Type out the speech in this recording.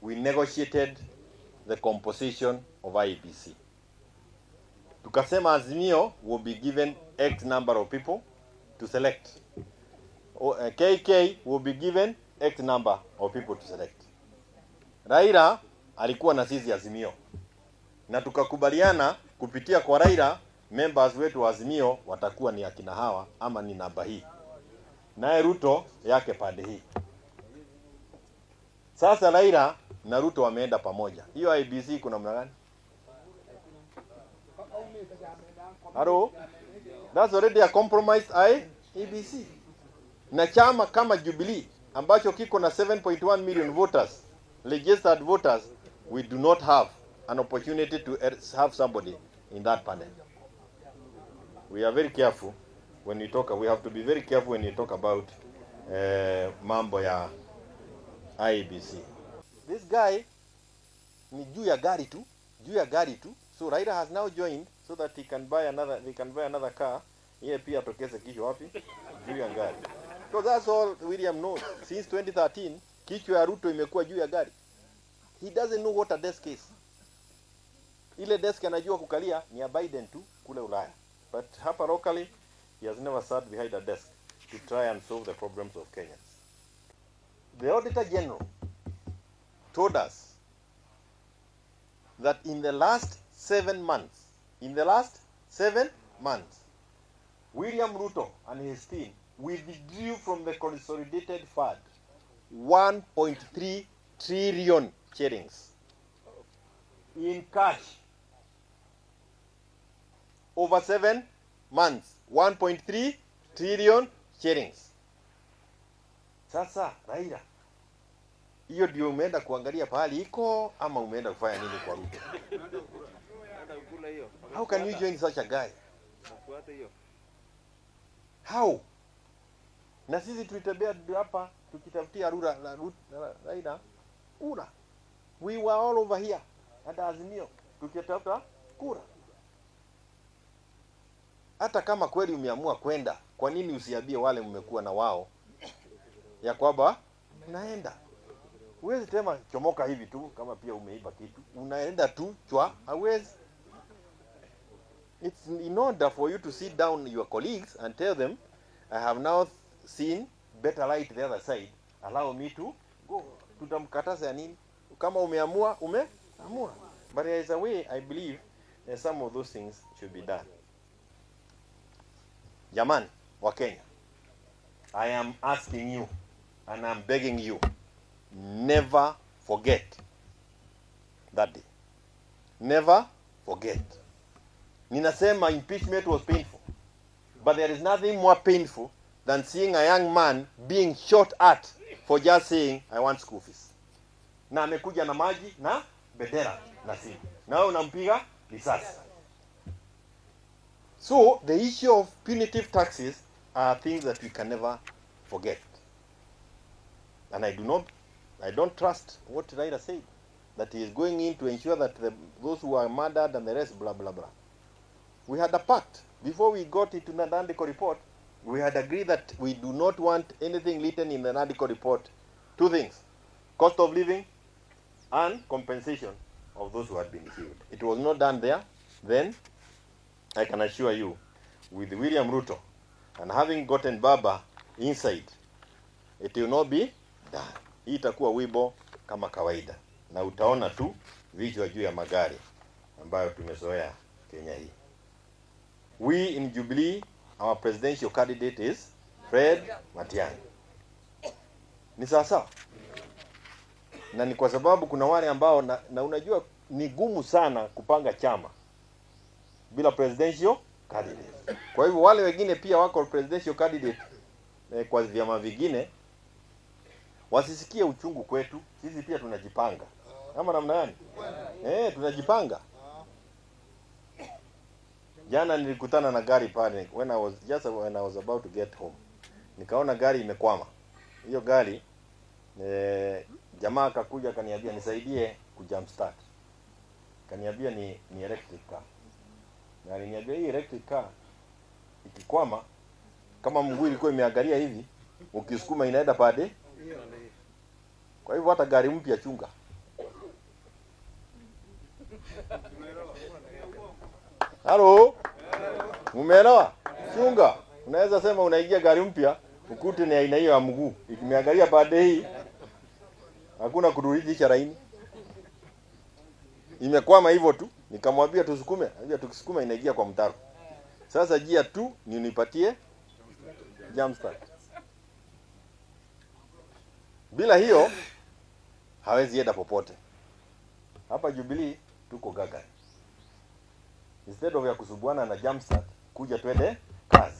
we negotiated the composition of IBC. E Tukasema Azimio will be given x number of people to select. KK eh, will be given x number of people to select. Raila alikuwa na sisi Azimio, na tukakubaliana kupitia kwa Raila members wetu wa Azimio watakuwa ni akina hawa ama ni namba hii, naye Ruto yake pande hii. Sasa Raila na Ruto wameenda pamoja. Hiyo IBC kuna mna gani? Haro? That's already a compromise I IBC. Na chama kama Jubilee ambacho kiko na 7.1 million voters, registered voters, we do not have an opportunity to er, have somebody in that panel. We are very careful when we talk. We have to be very careful when we talk about uh, mambo ya IBC. This guy ni juu ya gari tu, juu ya gari tu. So Raila has now joined so that he can buy another, they can buy another car. Yeye yeah, pia atokeze kichwa wapi? Juu ya gari. So that's all William knows. Since 2013, kichwa ya Ruto imekuwa juu ya gari. He doesn't know what a desk is. Ile desk anajua kukalia ni ya Biden tu kule Ulaya. But hapa locally, he has never sat behind a desk to try and solve the problems of Kenyans. The Auditor General told us that in the last seven months, in the last seven months, William Ruto and his team withdrew from the consolidated fund 1.3 trillion shillings in cash over seven months 1.3 trillion shillings Sasa Raila, hiyo ndio umeenda kuangalia pahali iko ama umeenda kufanya nini kwa Ruto? How can you join such a guy? How? Na sisi tulitembea hapa tukitafutia Rura la Raila kura. We were all over here at Azimio tukitafuta kura. Hata kama kweli umeamua kwenda, kwa nini usiambie wale mmekuwa na wao ya kwamba unaenda, huwezi tema chomoka hivi tu kama pia umeiba kitu, unaenda tu chwa, hawezi It's in order for you to sit down your colleagues and tell them I have now seen better light the other side, allow me to go. Tutamkataza ya nini? Kama umeamua umeamua, but there is a way I believe that some of those things should be done. Jamani wa Kenya, I am asking you And I'm begging you, never forget that day. Never forget. Nina said my impeachment was painful. But there is nothing more painful than seeing a young man being shot at for just saying I want school fees. Na amekuja na maji na bedera na simu. Na wewe unampiga risasi. So the issue of punitive taxes are things that we can never forget. And I do not, I don't trust what Raila said, that he is going in to ensure that the, those who are murdered and the rest, blah, blah, blah. We had a pact. Before we got into the Nandiko report, we had agreed that we do not want anything written in the Nandiko report. Two things, cost of living and compensation of those who had been killed. It was not done there. Then, I can assure you, with William Ruto and having gotten Baba inside, it will not be ndani. Hii itakuwa wimbo kama kawaida, na utaona tu vichwa juu ya magari ambayo tumezoea Kenya hii. We in Jubilee our presidential candidate is Fred Matiang'i. Ni sawa sawa. na ni kwa sababu kuna wale ambao na, na unajua ni gumu sana kupanga chama bila presidential candidate. Kwa hivyo wale wengine pia wako presidential candidate eh, kwa vyama vingine wasisikie uchungu kwetu, sisi pia tunajipanga ama namna gani? Eh, tunajipanga. Jana nilikutana na gari pale, when I was just when I was about to get home, nikaona gari imekwama. Hiyo gari eh, jamaa akakuja akaniambia nisaidie ku jump start, kaniambia ni, ni electric car, na aliniambia hii electric car ikikwama, kama mguu ilikuwa imeangalia hivi, ukisukuma inaenda pade kwa hivyo hata gari mpya chunga. Halo, umeelewa? Chunga, unaweza sema unaingia gari mpya ukute ni aina hiyo ya mguu, ikimeangalia baadaye hii hakuna kurudisha laini, imekwama hivyo tu. Nikamwambia tusukume, anambia tukisukuma inaingia kwa mtaro. Sasa jia tu ni unipatie jump bila hiyo hawezi enda popote. Hapa Jubilee tuko gaga, instead of ya kusubuana na Jamsat, kuja twende kazi.